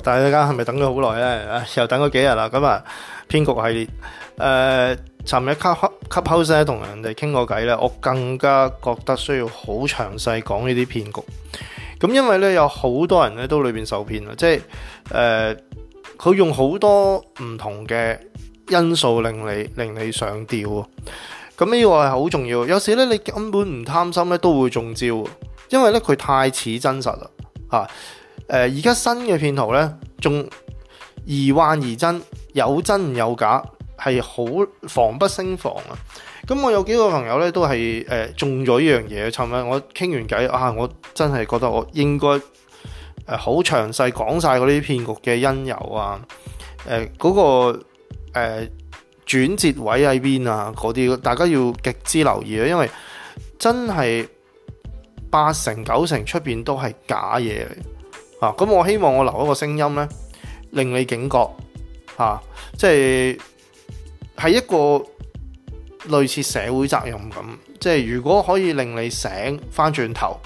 大家係咪等咗好耐咧？又等咗幾日啦？咁啊，騙局系列誒，尋日 Clubhouse 呢，同人哋傾過偈呢，我更加覺得需要好詳細講呢啲騙局。咁因為咧，有好多人咧都裏邊受騙啦。即係誒，佢、呃、用好多唔同嘅因素令你令你上釣。咁呢個係好重要。有時咧，你根本唔貪心咧，都會中招。因為咧，佢太似真實啦，吓、啊。誒而家新嘅騙徒咧，仲疑幻疑真，有真有假，係好防不勝防啊！咁、嗯、我有幾個朋友咧，都係誒、呃、中咗呢樣嘢。尋日我傾完偈啊，我真係覺得我應該好、呃、詳細講晒嗰啲騙局嘅因由啊！誒、呃、嗰、那個、呃、轉折位喺邊啊？嗰啲大家要極之留意啊！因為真係八成九成出邊都係假嘢。咁、啊、我希望我留一個聲音呢，令你警覺吓、啊，即係係一個類似社會責任咁，即係如果可以令你醒翻轉頭，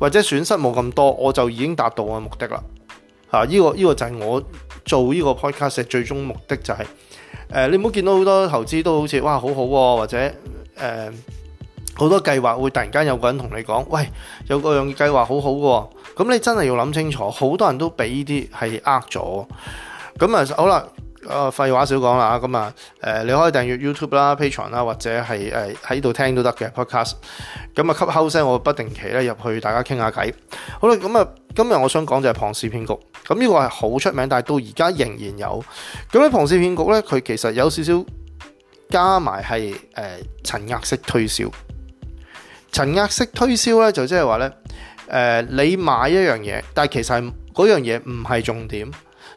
或者損失冇咁多，我就已經達到我嘅目的啦。啊！依、呢個、呢個就係我做呢個 podcast 嘅最終目的就係、誒、你唔好見到好多投資都好似哇好好、喎、或者誒。啊好多計劃會突然間有個人同你講，喂，有個樣計劃好好喎，咁你真係要諗清楚。好多人都俾呢啲係呃咗。咁啊，好啦，啊、呃、廢話少講啦，咁啊、呃，你可以訂閱 YouTube 啦、Patreon 啦，或者係喺度聽都得嘅 Podcast。咁啊，Clubhouse，我不定期咧入去大家傾下偈。好啦，咁啊，今日我想講就係龐氏騙局。咁呢、這個係好出名，但係到而家仍然有。咁咧，龐氏騙局咧，佢其實有少少加埋係誒層壓式推銷。層壓式推銷咧，就即係話咧，誒、呃、你買一樣嘢，但其實嗰樣嘢唔係重點，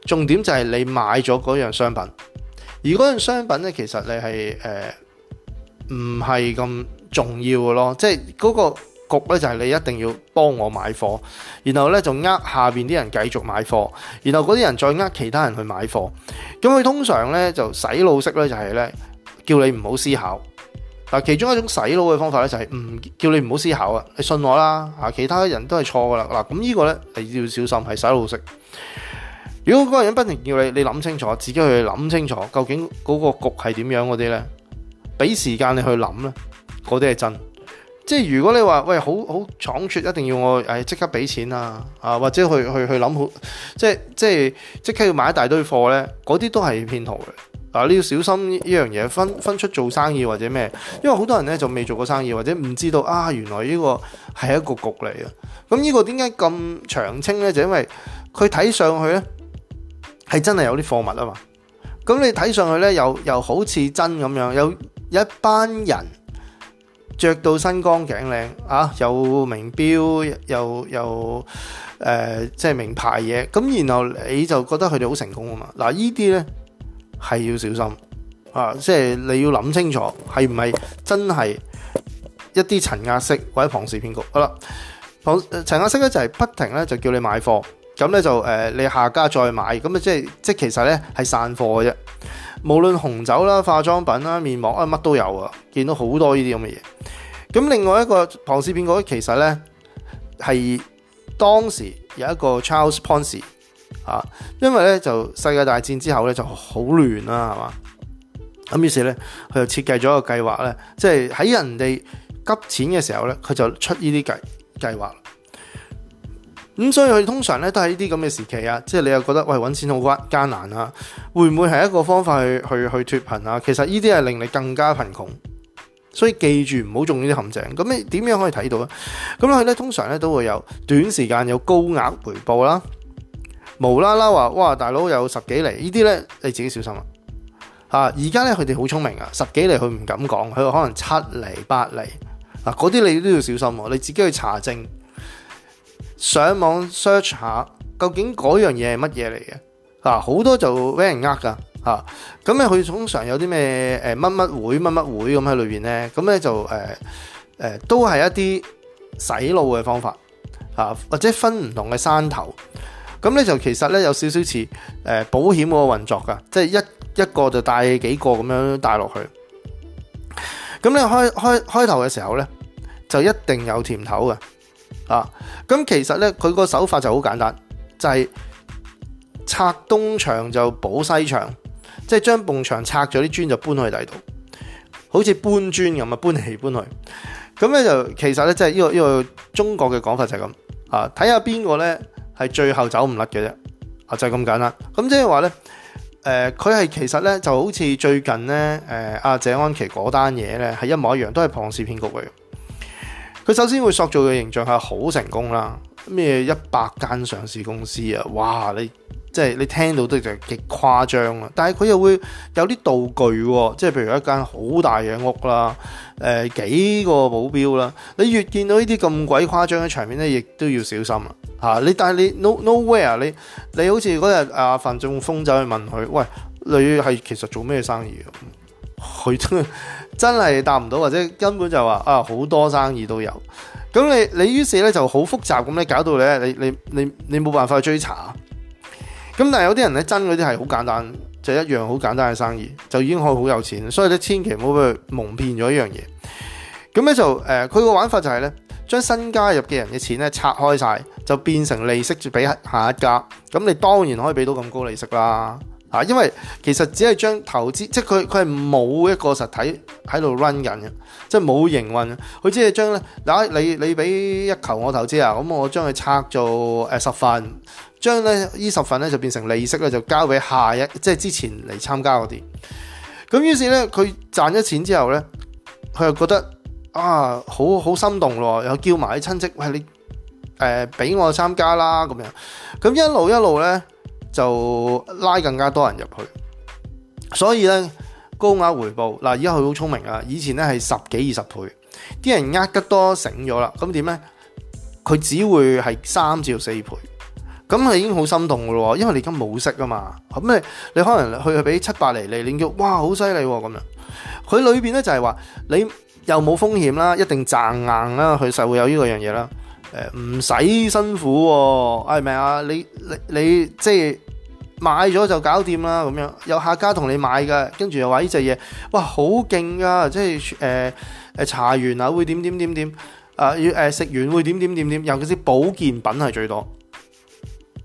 重點就係你買咗嗰樣商品，而嗰樣商品咧其實你係誒唔係咁重要嘅咯，即係嗰個局咧就係你一定要幫我買貨，然後咧就呃下邊啲人繼續買貨，然後嗰啲人再呃其他人去買貨，咁佢通常咧就洗腦式咧就係咧叫你唔好思考。嗱，其中一種洗腦嘅方法咧，就係唔叫你唔好思考啊！你信我啦，啊，其他人都係錯噶啦。嗱，咁呢個咧，你要小心，係洗腦式。如果嗰個人不停叫你，你諗清楚，自己去諗清楚，究竟嗰個局係點樣嗰啲咧？俾時間你去諗咧，嗰啲係真。即係如果你話喂，好好倉促一定要我誒即刻俾錢啊！啊，或者去去去諗好，即係即係即刻要買一大堆貨咧，嗰啲都係騙徒嘅。嗱，你要小心呢樣嘢，分分出做生意或者咩，因為好多人咧就未做過生意或者唔知道啊，原來呢個係一個局嚟啊！咁呢個點解咁長青呢？就因為佢睇上去呢，係真係有啲貨物啊嘛，咁你睇上去呢，又又好似真咁樣，有一班人着到身光頸靚啊，又名錶又又誒即係名牌嘢，咁然後你就覺得佢哋好成功啊嘛！嗱、啊，呢啲呢。係要小心啊！即係你要諗清楚是不是，係唔係真係一啲層壓式或者龐氏騙局？好啦，龐、呃、層壓式咧就係不停咧就叫你買貨，咁咧就誒、呃、你下家再買，咁啊即係即係其實咧係散貨嘅啫。無論紅酒啦、化妝品啦、面膜啊乜都有啊，見到好多呢啲咁嘅嘢。咁另外一個龐氏騙局其實咧係當時有一個 Charles Ponzi 啊，因為咧就世界大戰之後咧就好亂啦，係嘛，咁於是咧佢就設計咗一個計劃咧，即係喺人哋急錢嘅時候咧，佢就出呢啲計計劃。咁所以佢通常咧都係呢啲咁嘅時期啊，即係你又覺得喂，揾錢好難艱難啦，會唔會係一個方法去去去脫貧啊？其實呢啲係令你更加貧窮，所以記住唔好中呢啲陷阱。咁你點樣可以睇到咧？咁佢咧通常咧都會有短時間有高額回報啦、啊。無啦啦話哇，大佬有十幾厘呢啲咧，你自己小心啊。吓。而家咧，佢哋好聰明啊，十幾厘佢唔敢講，佢可能七厘八厘嗰啲你都要小心喎。你自己去查證，上網 search 下，究竟嗰樣嘢係乜嘢嚟嘅，好多就俾人呃噶吓。咁咧，佢通常有啲咩，誒乜乜會乜乜會咁喺裏邊咧，咁咧就誒誒、呃呃、都係一啲洗腦嘅方法，或者分唔同嘅山頭。咁咧就其實咧有少少似保險嗰個運作噶，即係一一個就帶幾個咁樣帶落去。咁咧開開開頭嘅時候咧，就一定有甜頭嘅。啊，咁其實咧佢個手法就好簡單，就係、是、拆東牆就補西牆，即係將埲牆拆咗啲磚就搬去第度，好似搬磚咁啊搬嚟搬去。咁、啊、咧就其實咧即係呢、就是這個呢、這個中國嘅講法就係咁啊，睇下邊個咧。係最後走唔甩嘅啫，啊就係咁簡單。咁即係話咧，誒佢係其實咧就好似最近咧，誒阿謝安琪嗰單嘢咧係一模一樣，都係龐氏騙局嚟。佢首先會塑造嘅形象係好成功啦。咩一百間上市公司啊！哇，你即係你聽到的就極誇張、啊、但係佢又會有啲道具、啊，即係譬如一間好大嘅屋啦，誒、呃、幾個保鏢啦。你越見到呢啲咁鬼誇張嘅場面咧，亦都要小心啦、啊啊、你但係你 no nowhere，你你好似嗰日阿范仲風走去問佢，「喂，你係其實做咩生意呀？」佢真真係答唔到，或者根本就話啊好多生意都有。咁你你於是咧就好複雜咁咧，搞到咧你你你你冇辦法去追查。咁但係有啲人咧真嗰啲係好簡單，就一樣好簡單嘅生意，就已經可以好有錢。所以你千祈唔好俾佢蒙騙咗一樣嘢。咁咧就佢個、呃、玩法就係咧，將新加入嘅人嘅錢咧拆開晒，就變成利息住俾下一家。咁你當然可以俾到咁高利息啦。因為其實只係將投資，即係佢佢係冇一個實體喺度 run 緊嘅，即係冇營運嘅。佢只係將咧嗱，你你俾一球我投資啊，咁我將佢拆做誒十份，將咧呢十份咧就變成利息咧，就交俾下一即係之前嚟參加嗰啲。咁於是咧，佢賺咗錢之後咧，佢又覺得啊，好好心動咯，又叫埋啲親戚，喂你誒俾、呃、我參加啦咁樣，咁一路一路咧。就拉更加多人入去，所以咧高額回報嗱，而家佢好聰明啊！以前咧係十幾二十倍，啲人呃得多醒咗啦，咁點咧？佢只會係三至四倍，咁你已經好心動噶咯，因為你而家冇息㗎嘛，咁你你可能去俾七百厘嚟，你叫哇，好犀利咁樣，佢裏面咧就係話你又冇風險啦，一定賺硬啦，佢實會有呢個樣嘢啦。誒、呃，唔使辛苦，哦，係咪啊？你你你即係買咗就搞掂啦，咁樣有客家同你買㗎，跟住又話呢隻嘢，哇，好勁㗎！即係誒誒，查、呃、完啊會點點點點啊，要、呃、誒、呃、食完會點點點點，尤其是保健品係最多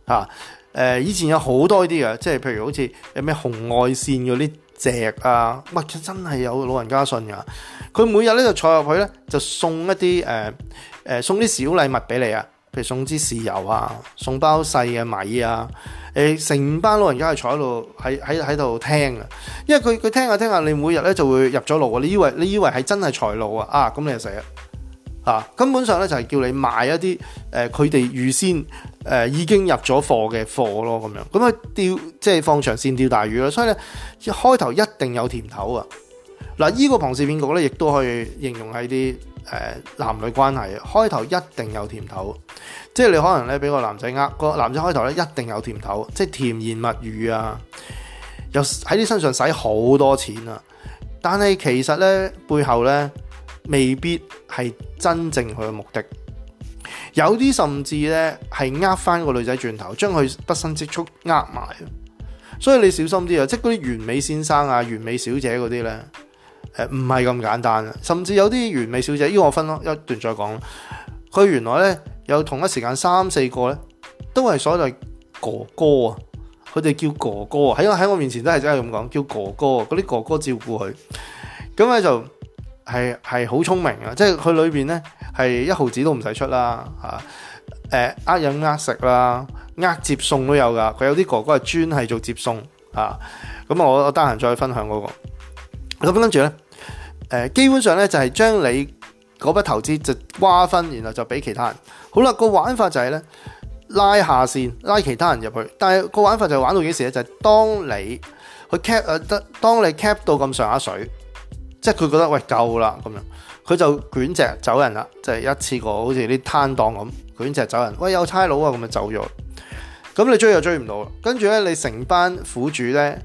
啊。誒、呃，以前有好多啲嘅，即係譬如好似有咩紅外綫嗰啲隻啊，乜真係有老人家信㗎。佢每日咧就坐入去咧，就送一啲誒。呃呃、送啲小禮物俾你啊，譬如送支豉油啊，送包細嘅米啊，成、呃、班老人家係坐喺度喺喺喺度聽啊，因為佢佢聽下聽下，你每日咧就會入咗路啊，你以為你以為係真係財路啊，啊咁你就死啦，啊根本上咧就係、是、叫你買一啲佢哋預先、呃、已經入咗貨嘅貨咯，咁樣咁啊即係放長線釣大魚啦，所以咧一開頭一定有甜頭啊，嗱、這、依個龐氏騙局咧，亦都可以形容喺啲。誒，男女關係開頭一定有甜頭，即係你可能咧俾個男仔呃，個男仔開頭咧一定有甜頭，即係甜言蜜語啊，又喺你身上使好多錢啊，但係其實咧背後咧未必係真正佢嘅目的，有啲甚至咧係呃翻個女仔轉頭，將佢畢生積蓄呃埋，所以你小心啲啊，即係嗰啲完美先生啊、完美小姐嗰啲咧。誒、呃，唔係咁簡單啊！甚至有啲完美小姐，依、這個、我分咯，一段再講。佢原來咧有同一時間三四個咧，都係所謂哥哥啊，佢哋叫哥哥啊，喺我喺我面前都係真係咁講，叫哥哥。嗰啲哥哥照顧佢，咁咧就係係好聰明啊！即係佢裏邊咧係一毫子都唔使出啦，吓、呃、誒，呃飲呃食啦，呃接送都有噶。佢有啲哥哥係專係做接送啊，咁我得閒再分享嗰、那個。咁跟住咧。誒基本上咧就係將你嗰筆投資就瓜分，然後就俾其他人好。好啦，個玩法就係咧拉下線，拉其他人入去。但係個玩法就係玩到幾時咧？就係、是、當你佢 cap 誒得，當你 cap 到咁上下水，即係佢覺得喂，夠啦咁樣，佢就捲席走人啦。即係一次過好似啲攤檔咁捲席走人。喂有差佬啊，咁就走咗。咁你追又追唔到，跟住咧你成班苦主咧。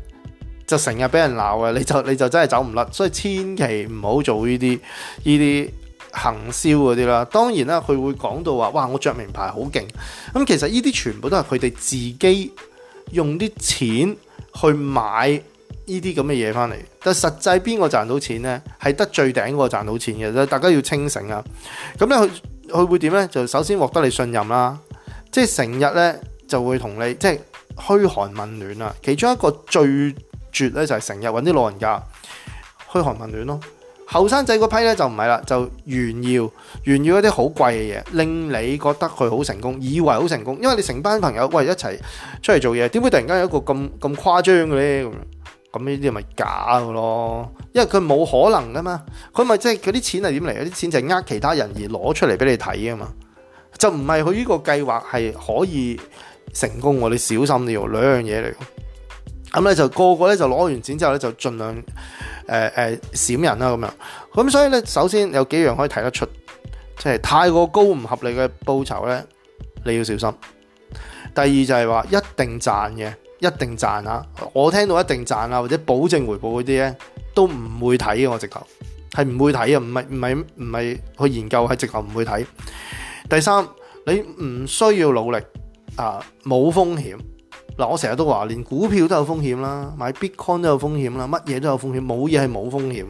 就成日俾人鬧嘅，你就你就真係走唔甩，所以千祈唔好做呢啲呢啲行銷嗰啲啦。當然啦，佢會講到話，哇，我着名牌好勁。咁、嗯、其實呢啲全部都係佢哋自己用啲錢去買呢啲咁嘅嘢翻嚟。但實際邊個賺到錢呢？係得最頂個賺到錢嘅。大家要清醒啊！咁咧佢佢會點呢？就首先獲得你信任啦，即係成日呢就會同你即係嘘寒問暖啊。其中一個最絕咧就係成日揾啲老人家噓寒問暖咯，後生仔嗰批咧就唔係啦，就炫耀炫耀一啲好貴嘅嘢，令你覺得佢好成功，以為好成功，因為你成班朋友喂一齊出嚟做嘢，點會突然間有一個咁咁誇張嘅呢？咁呢啲咪假囉，咯，因為佢冇可能噶嘛，佢咪即係嗰啲錢係點嚟？啲錢就係呃其他人而攞出嚟俾你睇啊嘛，就唔係佢呢個計劃係可以成功喎，你小心啲喎，兩樣嘢嚟。咁咧就個個咧就攞完錢之後咧就盡量誒誒閃人啦咁樣，咁所以咧首先有幾樣可以睇得出，即係太過高唔合理嘅報酬咧，你要小心。第二就係話一定賺嘅，一定賺啊！我聽到一定賺啊，或者保證回報嗰啲咧，都唔會睇嘅。我直頭係唔會睇嘅，唔係唔係唔係去研究，係直頭唔會睇。第三，你唔需要努力啊，冇風險。嗱，我成日都話，連股票都有風險啦，買 Bitcoin 都有風險啦，乜嘢都有風險，冇嘢係冇風險，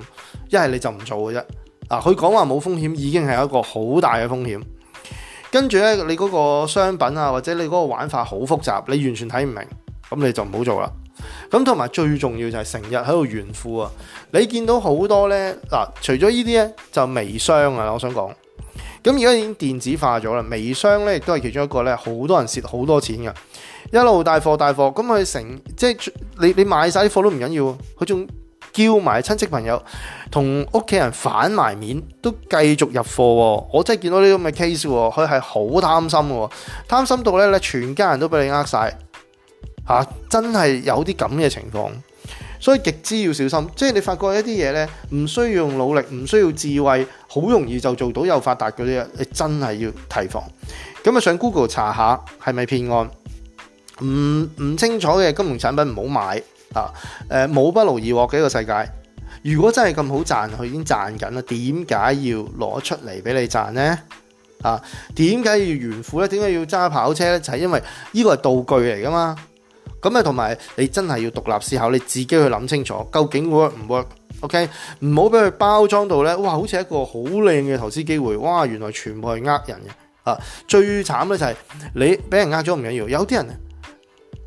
一係你就唔做嘅啫。嗱，佢講話冇風險已經係一個好大嘅風險，跟住咧，你嗰個商品啊，或者你嗰個玩法好複雜，你完全睇唔明，咁你就唔好做啦。咁同埋最重要就係成日喺度炫富啊！你見到好多咧，嗱，除咗呢啲咧，就微商啊，我想講。咁而家已經電子化咗啦，微商咧亦都係其中一個咧，好多人蝕好多錢嘅，一路帶貨帶貨，咁佢成即係你你買晒啲貨都唔緊要，佢仲叫埋親戚朋友同屋企人反埋面都繼續入貨喎，我真係見到呢咁嘅 case，佢係好貪心喎。貪心到咧咧全家人都俾你呃晒，吓真係有啲咁嘅情況。所以極之要小心，即係你發覺一啲嘢咧，唔需要用努力，唔需要智慧，好容易就做到又發達嗰啲啊！你真係要提防。咁啊，上 Google 查下係咪騙案？唔唔清楚嘅金融產品唔好買啊！誒，冇不勞而獲嘅一個世界。如果真係咁好賺，佢已經賺緊啦。點解要攞出嚟俾你賺呢？啊，點解要炫富呢？點解要揸跑車呢？就係因為呢個係道具嚟噶嘛。咁啊，同埋你真係要獨立思考，你自己去諗清楚，究竟 work 唔 work？OK，唔好俾佢包裝到咧，哇！好似一個好靚嘅投資機會，哇！原來全部係呃人嘅啊！最慘咧就係你俾人呃咗唔緊要，有啲人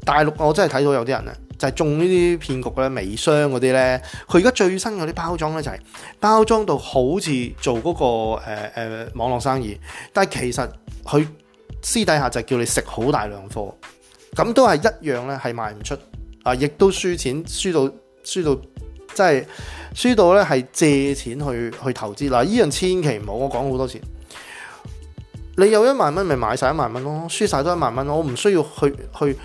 大陸我真係睇到有啲人呢，就係、是、中呢啲騙局咧，微商嗰啲咧，佢而家最新嗰啲包裝咧就係、是、包裝到好似做嗰、那個誒誒、呃、網絡生意，但係其實佢私底下就叫你食好大量貨。咁都係一樣咧，係賣唔出，啊，亦都輸錢，輸到輸到，即係輸到咧，係借錢去去投資嗱，依樣千祈唔好，我講好多次，你有一萬蚊，咪買晒一萬蚊咯，輸晒多一萬蚊，我唔需要去去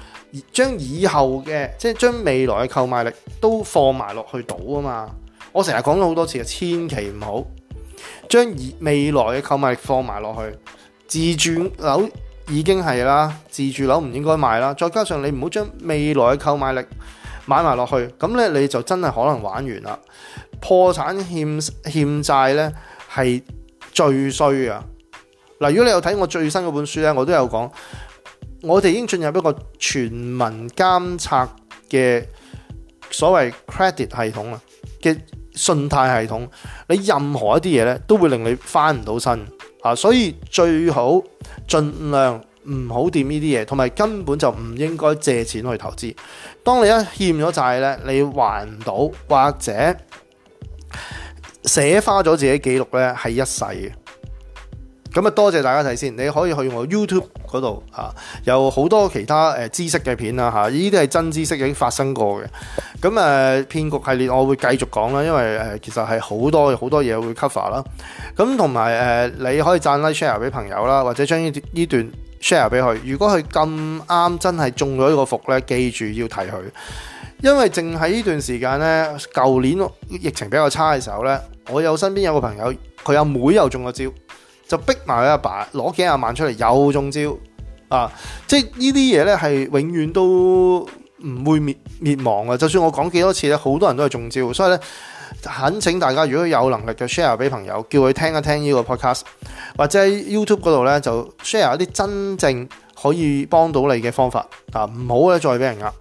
將以後嘅即係將未來嘅購買力都放埋落去賭啊嘛，我成日講咗好多次啊，千祈唔好將以未來嘅購買力放埋落去自住已經係啦，自住樓唔應該賣啦。再加上你唔好將未來嘅購買力買埋落去，咁咧你就真係可能玩完啦。破產欠欠債咧係最衰啊！嗱，如果你有睇我最新嗰本書咧，我都有講，我哋已經進入一個全民監察嘅所謂 credit 系統啊嘅信貸系統。你任何一啲嘢咧都會令你翻唔到身啊，所以最好。盡量唔好掂呢啲嘢，同埋根本就唔應該借錢去投資。當你一欠咗債咧，你還唔到或者寫花咗自己記錄咧，係一世嘅。咁啊，多謝大家睇先。你可以去我 YouTube 嗰度、啊、有好多其他、呃、知識嘅片啦嚇。呢啲、啊、係真知識，已經發生過嘅。咁、呃、騙局系列，我會繼續講啦，因為、呃、其實係好多好多嘢會 cover 啦、啊。咁同埋你可以讚 like share 俾朋友啦，或者將呢段 share 俾佢。如果佢咁啱真係中咗呢個伏咧，記住要提佢，因為淨係呢段時間咧，舊年疫情比較差嘅時候咧，我有身邊有個朋友，佢阿妹，妹又中咗招。就逼埋佢阿爸攞幾廿萬出嚟，又中招啊！即係呢啲嘢咧，係永遠都唔會滅滅亡嘅。就算我講幾多次咧，好多人都係中招。所以咧，懇請大家如果有能力嘅 share 俾朋友，叫佢聽一聽呢個 podcast，或者喺 YouTube 嗰度咧就 share 一啲真正可以幫到你嘅方法啊！唔好咧再俾人呃。